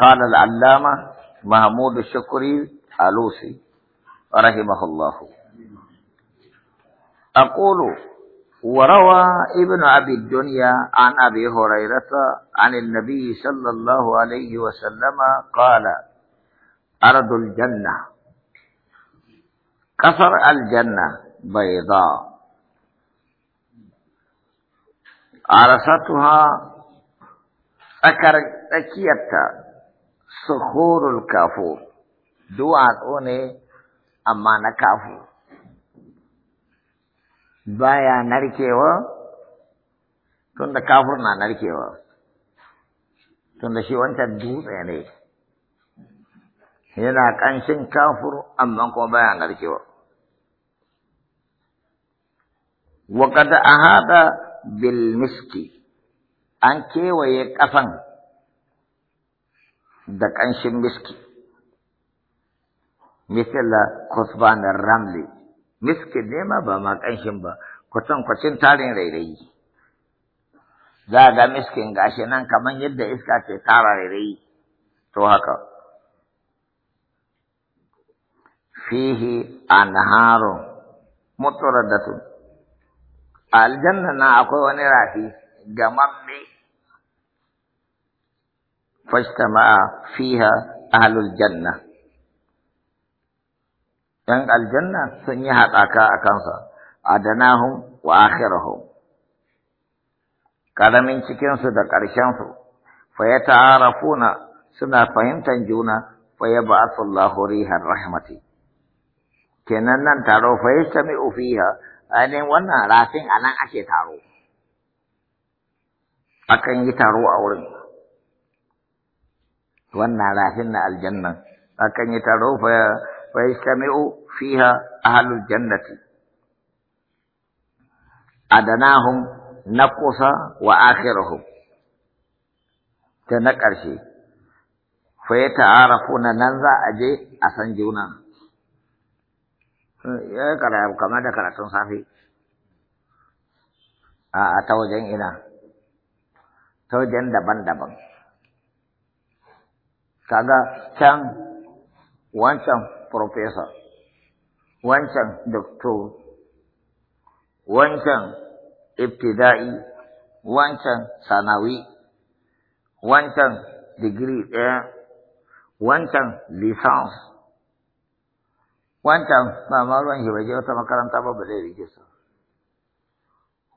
قال العلامة محمود الشكري العلوسي رحمه الله أقول وروى ابن أبي الدنيا عن أبي هريرة عن النبي صلى الله عليه وسلم قال أرض الجنة كسر الجنة بيضاء عرصتها أكرت أكيتها suhurul kafu duwatsu ne amma na kafu baya narkewa tunda kafur na narkewa tunda shi wancan dutse ne yana ƙanshin kafur amma kuma baya narkewa wa kada ahada bil miski an kewaye kafan da ƙanshin miski misalla kusbanin ramli miski ma ba ma ƙanshin ba kwacin tarin rairayi za a ga miskin gashi nan kamar yadda iska ke tara rairayi to haka fihi anharun A aljanna na akwai wani rafi Ga mamme. Fashtama'a fiha ahlul janna. Ƴan aljanna sun yi haɗaka a kansa a danahum wa'ahirhu. Ƙaramin cikinsu da ƙarshen su, fayyata arafuna suna fahimtar juna fayyaba AsalahuRihu na rahmati. Kinan nan taro fayyastami ufiya, a ne wannan rafin a nan ake taro. Akan yi taro a wurin. wannan rafin na aljanna akan yi taro fa fa yastami'u fiha ahlul jannati adanahum naqusa wa akhiruhum ta na ƙarshe fa ya na nan za a je a san juna ya eh, kara kamar da karatun safi a ta wajen ina ta wajen daban-daban kaga can wancan professor wancan doctor wancan ibtida'i wancan sanawi wancan digiri ɗaya wancan lisans wancan ba ma ruwan shi bai je wata makaranta ba ba zai su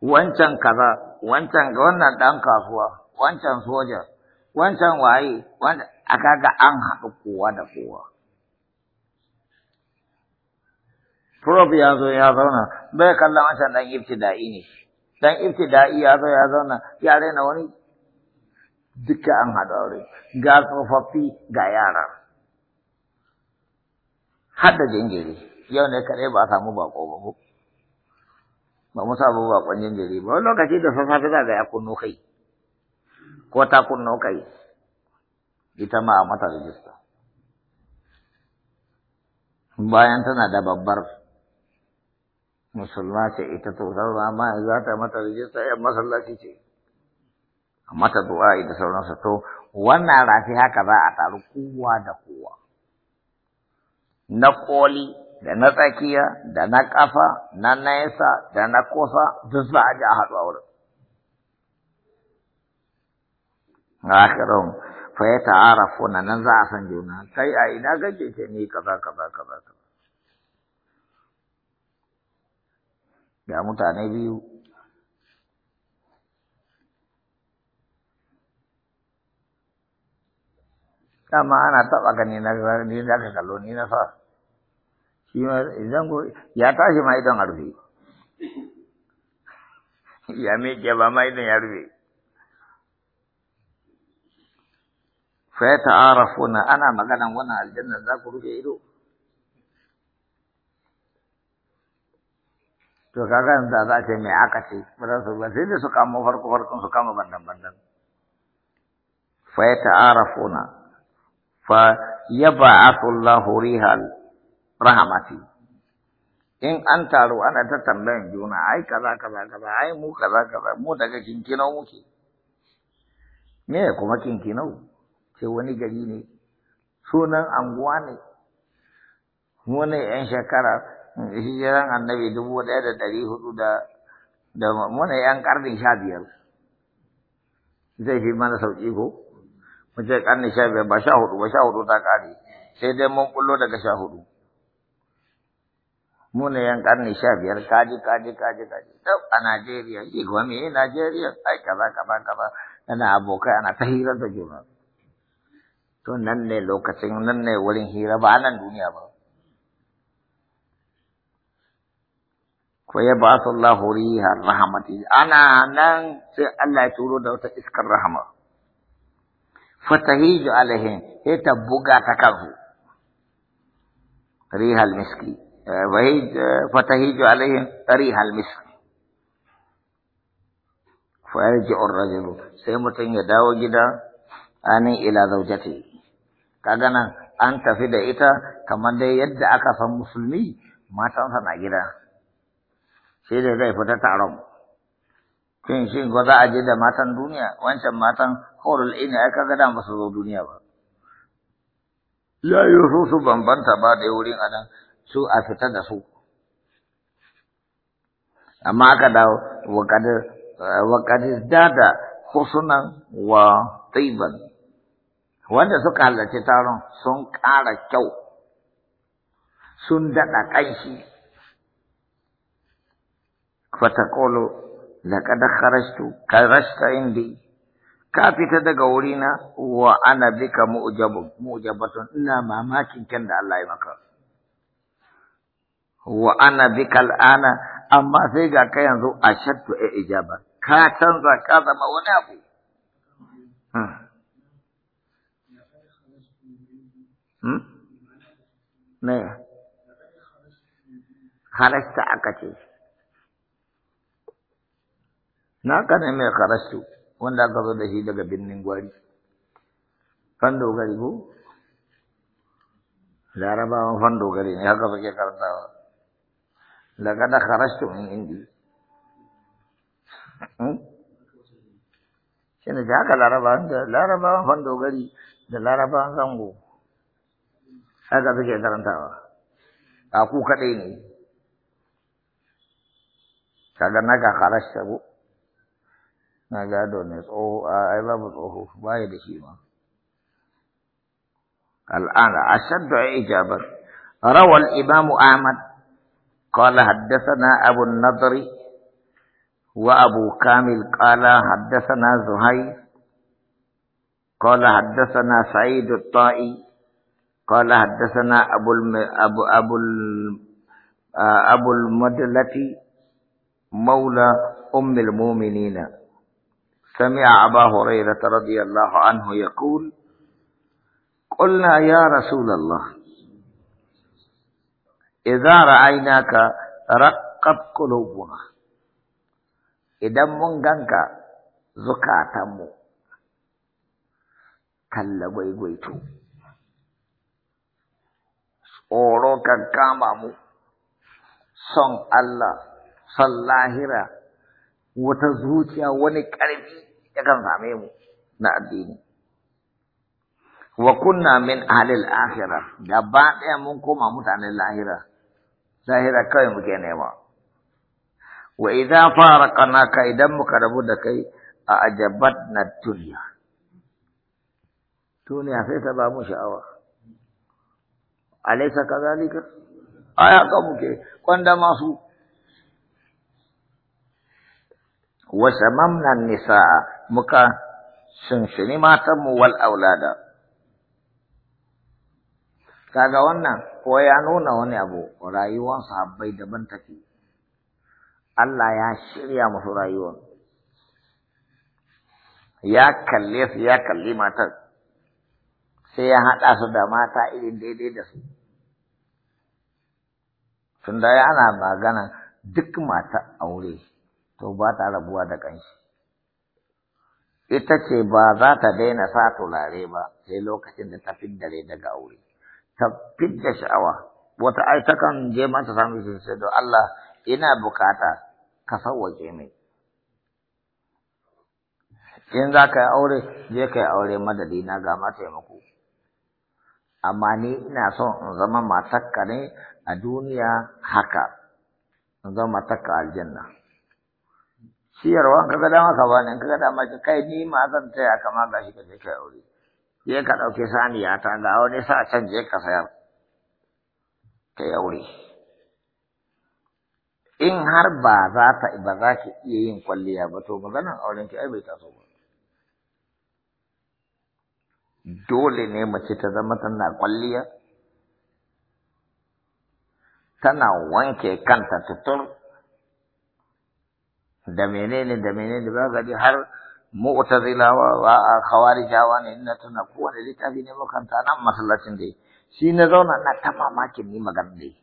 wancan kaza wancan wannan ɗan kasuwa wancan soja wancan waye wanda aka ga an haɗu kowa da kowa Prof ya zo ya zauna bai kallon wancan dan ibtida'i ne dan ibtida'i ya zo ya zauna ya raina wani duka an haɗu aure ga tsofaffi ga yara har jingiri jinjiri yau ne kaɗai ba a samu baƙo ba ko ba mu samu baƙon jinjiri ba wani lokaci da ta za ga ya kunno kai ko ta kunno kai ita ma a mata rijista bayan tana da babbar musulma ce ita to ma za ta mata rijista yan masallaci ce a mata du'a da sauransa to wannan rafi haka za a taru kowa da kowa na koli da na tsakiya da na kafa na nesa da na kosa duk za a ji a haɗu a wurin akhirun fa ya ta'arafu na nan za a san juna kai a ina kake ce ni kaza kaza kaza ga mutane biyu dama ana taɓa na ni da ka kallo ni na fa? shi ma idan go ya tashi ma idan a ya ya ke ba ma idan ya fa ta'arafuna ana maganan wannan aljanna za ku rufe ido to kaga yanzu da za ce mai aka ce ba su ba sai da su kama farko farkon su kama bandan bandan fa ta'arafuna fa yab'athu Allahu rihal rahmati in an taro ana ta tambayan juna ai kaza kaza kaza ai mu kaza kaza mu daga kinkinau muke me kuma kinkinau ce wani gari ne sunan anguwa ne wani yan shekara hijiran annabi dubu ɗaya da ɗari hudu da da wani yan ƙarni sha biyar zai fi mana sauƙi ko mu ce ƙarni sha biyar ba sha hudu ba sha hudu ta ƙare sai dai mun bullo daga sha hudu mu ne yan ƙarni sha biyar kaji kaji kaji kaji ɗau a Najeriya yi kuma me Najeriya ai kaza kaza kaza ana abokai ana ta hirar da juna to nan ne lokacin nan ne wurin hira ba nan duniya ba ko ya ba su Allah riha rahmati ana nan sai Allah ya turo da wata iskar rahama fatahiju alaihim sai ta buga ta kansu ريح المسك وهي فتهيج عليهم ريح rajulu sai الرجل ya dawo gida anin ila زوجته kaga nan an tafi da ita kamar dai yadda aka san musulmi matansa na gida sai dai zai fita taron shin shin ko za a je da matan duniya wancan matan horul ina ya kaga da masu zo duniya ba Ya yi su su bambanta ba da wurin anan su a fita da su amma aka dawo wa da dada husunan wa taiban wanda suka halarci taron sun ƙara kyau sun daɗa ƙanshi fatakolo laƙad kharashtu karashta indi ka fita daga wurina wa ana bika mu'ujabatun, ina mamakin kyan da Allah ya maka wa ana bika al'ana amma sai ga ka yanzu a shattu e ijaba ka canza ka zama wani abu hmm. Me? Hmm? Harasta aka ce. Na kana mai harastu wanda aka zo da shi daga birnin gwari. Fan dogari ko? Larabawan fan dogari ne haka suke karantawa. Daga da harastu in indi. Hmm? Shi ne haka larabawan fan dogari. da laraban zango haka suke karantawa a ku kaɗai ne kaga na ga harashta ko na gado ne tsoho ai babu tsoho baya da shi ma الآن أشد إجابة روى الإمام أحمد قال حدثنا أبو النضر وأبو كامل قال حدثنا زهير قال حدثنا سعيد الطائي قال حدثنا أبو الم... أبو أبو, ال... آه، أبو المدلتي مولى أم المؤمنين سمع أبا هريرة رضي الله عنه يقول قلنا يا رسول الله إذا رأيناك رقب قلوبنا إذا من زكاة مو kalla gwaigwaito. Tsoro ka kama mu, son Allah, son lahira, wata zuciya wani ƙarfi yakan same mu na addini. Wa kunna min ahlil akhirah ba ɗaya mun koma mutanen lahira, lahira kawai muke nema. Wa idza ƙanaka idan muka rabu da kai a ajabat na duniya. duniya sai ta ba mu sha'awa alaisa kazalika aya ka muke kwanda masu wa mamnan nisa muka sunshini matan mu wal aulada kaga wannan ko ya nuna wani abu rayuwar sahabbai daban take Allah ya shirya musu rayuwar ya kalle su ya kalli matan. sai ya haɗa su da mata irin daidai da su. Tun da ana magana duk mata aure, to ba ta rabuwa da ƙanshi. Ita ce ba za ta daina sa turare ba sai lokacin da ta fiddare daga aure. Ta fidda sha'awa, wata ai takan je mata samun shi sai da Allah ina bukata ka sauwaƙe mai. In za ka yi aure, je ka yi aure na ga mataimako. amma ni ina son in zama matakka ne a duniya haka in zama matakka aljanna siyarwa kaga dama ka bani kaga dama ki kai ni ma zan taya ma gashi ka kai aure je ka ɗauki saniya ta ga wani sa can je ka sayar kai aure in har ba za ta ba za ki iya yin kwalliya ba to maganar auren ai bai taso ba dole ne mace ta zama tana kwalliya tana wanke kanta tutur da menene da menene ba gadi har mu'tazilawa wa a khawarijawa ne ina tana kowane littafi ne makanta nan masallacin dai. shi na zauna na ta mamakin ni magana dai.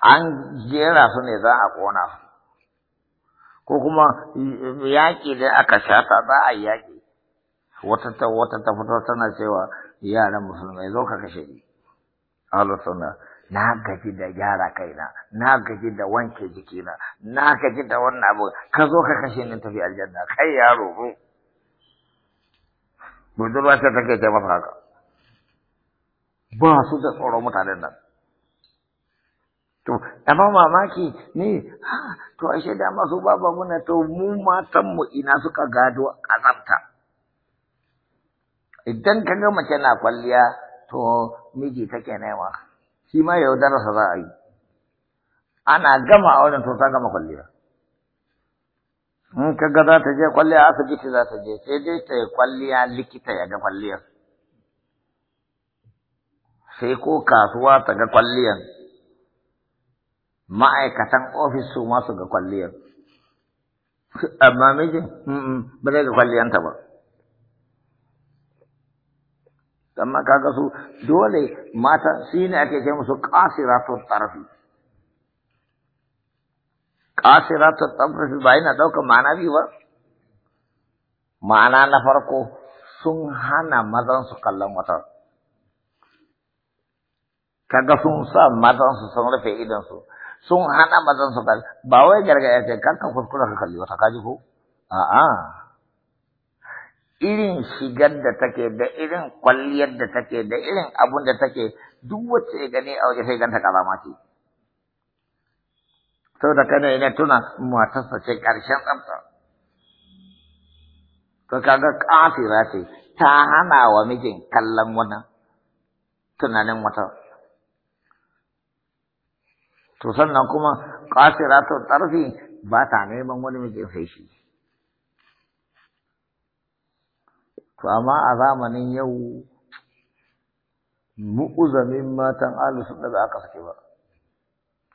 an jera su ne za a kona ko kuma yaƙi da aka shafa ba a yaƙi wata ta wata ta fito tana cewa yaran musulmai zo ka kashe ni Allah sunna na gaji da gyara kaina na gaji da wanke jikina na gaji da wannan abu ka zo ka kashe ni tafi aljanna kai yaro ko budurwa ta take ta mafaka ba su da tsoro mutanen nan To, amma mamaki ne, ah, to, ashe da masu baba muna to mu matan mu ina suka gado azabta. idan ka ga mace na kwalliya to miji take naiwa shi ma darasa za a yi ana gama wajen to ta gama kwalliya in ka ga za ta je kwalliya asibiti za ta je sai dai ta yi kwalliya likita ya ga kwalliyar sai ko kasuwa ta ga kwalliyar ma'aikatan ofis su masu ga kwalliyar amma miji ba zai ga kwalliyanta ba amma kaga su dole mata shi ne ake ce musu qasiratu tarfi qasiratu tarfi ba yana ɗauka ma'ana biyu ba ma'ana na farko sun hana mazan su kallon wata kaga sun sa mazan su sun rufe idansu su sun hana mazan su kallon ba wai gargaya ce kanka kuskura ka kalli wata kaji ko a'a irin shigar da take da irin kwalliyar da take da irin abun da take duk wacce ya gani a waje sai ganta karama ce da kana yana tuna matarsa ce karshen tsafta to kaga kafira ce ta hana wa mijin kallon wannan tunanin wata to sannan kuma kafira to tarfi ba ta neman wani mijin sai shi to amma a zamanin yau mu'uzamin matan alu sun daga aka suke ba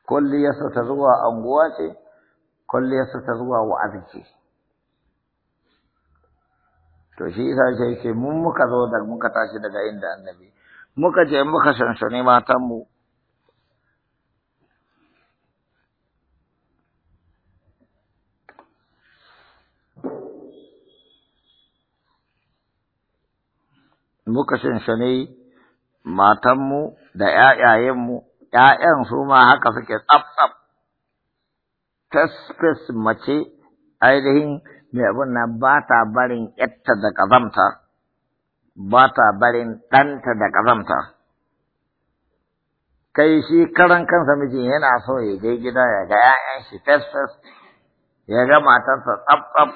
kwalliyarsa ta zuwa anguwa ce kwalliyarsa ta zuwa wa'azi ce to shi isa ce ce mun muka zo da muka tashi daga inda annabi muka je muka shanshani matanmu muka shinshine matanmu da ‘ya'yayenmu, ‘ya'yan su ma haka suke tsaf-tsaf, tasfis mace ainihin mai abin nan ba ta barin ‘yatta da ƙazamta, ba ta barin ɗanta da ƙazamta. Kai shi karan kansa mijin yana so ya je gida ya ga ‘ya'yan shi fes-fes, ya ga matarsa tsaf-tsaf,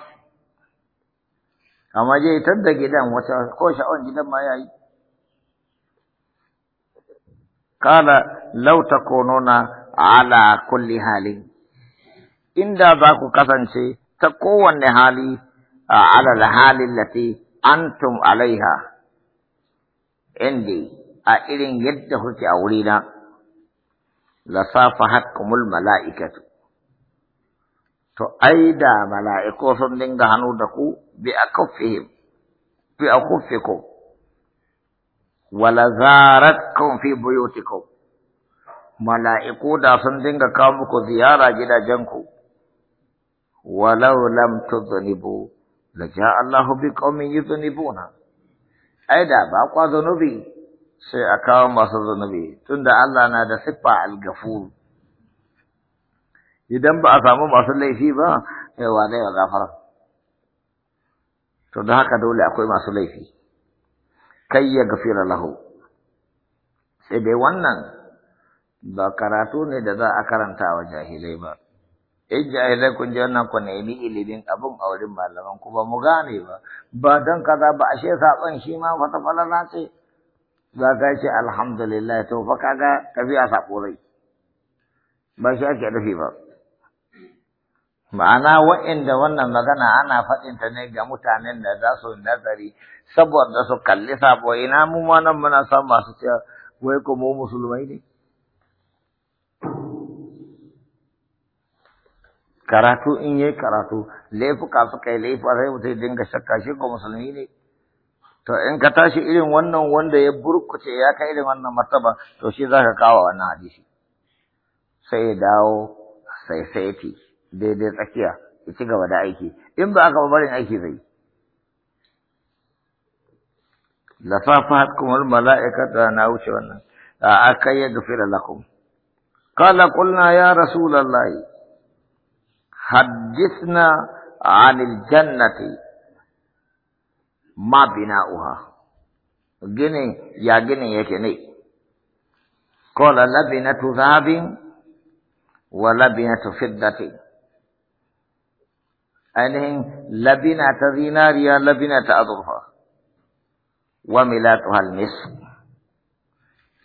amma je tar da gidan wata ko sha'awan gidan ma yayi kana law takununa ala kulli hali inda za ku kasance ta kowanne hali ala al-hali lati antum alaiha indi a irin yadda kuke a na la safahatkumul mala'ikatu to ai da sun dinga hannu da ku بأكفهم بأخفكم ولزارتكم في بيوتكم mala'iku da sun dinga kawo muku ziyara gidajenku, walau lam tuzunibu, da ja Allahu bi ƙaumin yi zunibuna, ai da ba kwa zunubi sai a kawo masu zunubi, tunda Allah na da siffa algafuru. Idan ba a samu masu laifi ba, yawa zai wa gafara. to don haka dole akwai masu laifi kai ya gafira lahu sai dai wannan ba karatu ne da za a karanta wa jahilai ba in jahilai kun ji wannan ku nemi ilimin abin a wurin malaman ku ba mu gane ba ba don kaza ba ashe saɓon shi ma wata falala ce za ka ce alhamdulillah to fa kaga ka biya saƙo rai ba shi ake nufi ba ma'ana wa'inda wannan magana ana faɗinta ne ga mutanen da za su nazari saboda su kalli sabo ina mu ma nan muna son masu cewa wai ko mu musulmai ne karatu in yi karatu laifuka su kai laifuka sai mutum dinga shakka shi ko musulmi ne to in ka tashi irin wannan wanda ya burkuce ya kai irin wannan martaba to shi za ka kawo wannan hadisi sai ya dawo sai saiti daidai tsakiya ya ci gaba da aiki in ba aka barin aiki zai lafafa kuma mala'ikata na wuce wannan a aka yi gafira lakum قال قلنا يا رسول الله حدثنا عن الجنة ما gine جني يا جني يا جني قال لبنة ذهب ولبنة فضة أنهم لبنة دينار يا لبنة أضرها وملاتها المصر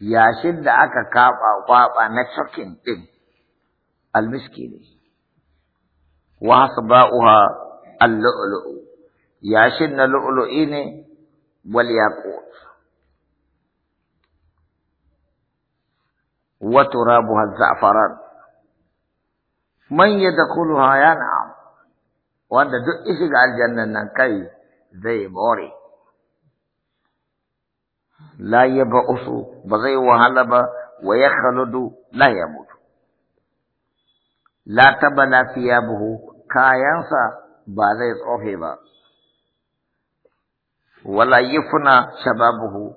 يا شد أكا كابا وبابا نتركين إن المسكين وحصباؤها اللؤلؤ يا شد اللؤلؤين والياقوت وترابها الزعفران من يدخلها ينعم wanda duk ishi aljannan nan kai zai more la ya ba'usu ba zai wahala ba wa ya khaludu la ya mutu la lafiya buhu kayansa ba zai tsofe ba wala funa shababuhu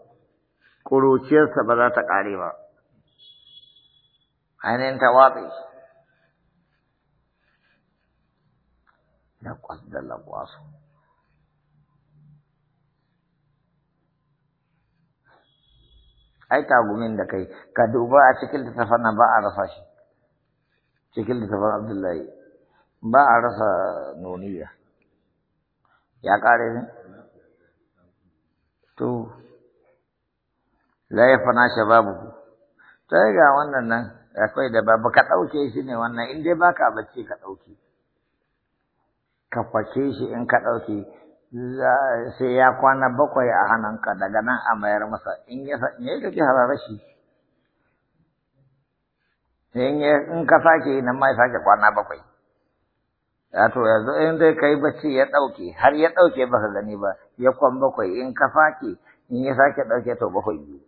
ƙuruciyarsa ba za ta ƙare ba ainihin tawatsi na kwas da lagwasu ai kagumin da kai ka duba a cikin littafin nan ba a rasa shi cikin littafin abdullahi ba a rasa noniya ya kare ne to la ya fana shababu ta ga wannan nan akwai da babu ka ɗauke shi ne wannan in dai baka bacci ka ɗauke ka kwace shi in ka ɗauki sai ya kwana bakwai a hannunka daga nan a mayar masa in ya sa ka ki hararar shi in ka sake nan ma ya sake kwana bakwai ya to yanzu in dai kai bacci ya ɗauke har ya ɗauke baka gani ba ya kwan bakwai in ka sake in ya sake ɗauke to bakwai biyu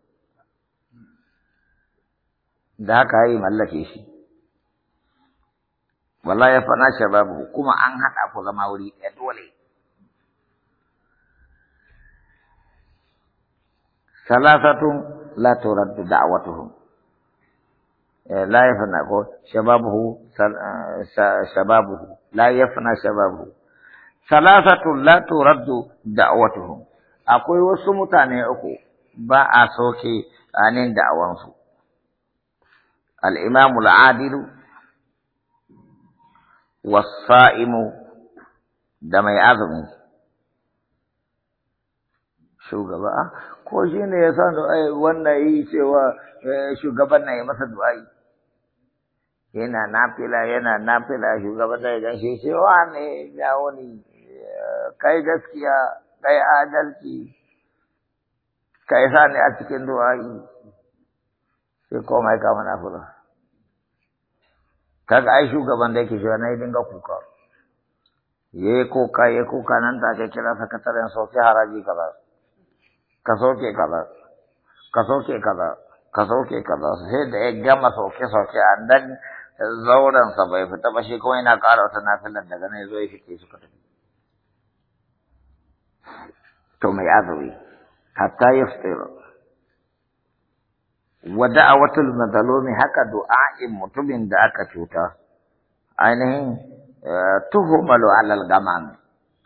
da haka yi mallake shi Wala ya fana shababu kuma an haɗa ku zama wuri ya dole. Salasatun la turar da da'awatuhum. Eh, la ya fana ko shababu eh, shababu la ya fana shababu. Salasatun la turar da da'awatuhum. Akwai wasu mutane uku ba a soke anin da'awansu. Al’imamul Adilu wasa'imu da mai azumi shugaba ko shi ne ya san wannan yi cewa shugaban na yi masa du'a'i yana nafila yana nafila shugaban na ya shi cewa ne ya wani kai gaskiya kai adalci kai sa ne a cikin du'a'i sai komai ka na fura kaga ai shugaban da yake shiga na dinga kuka ya kuka ya kuka nan ta ke kira sakataren soke haraji kaza ka soke kaza ka soke kaza ka soke kaza sai da ya gama soke sauke a nan zaurensa bai fita ba shi kuma yana ƙara wata nafilan daga nan zo ya fice suka tafi to mai azumi hatta ya fitira ودعوة المظلوم حكا دعاء متوب دعاك توتا أينه آه، تهملو على الغمان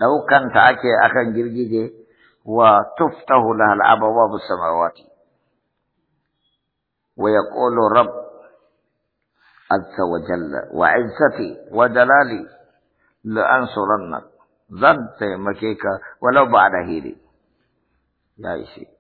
لو كان تأكي أخن جرجي وتفته لها الأبواب السماوات ويقول رب عز وجل وعزتي وجلالي لأنصرنك ظنت مكيك ولو بعد هيري لا يشيك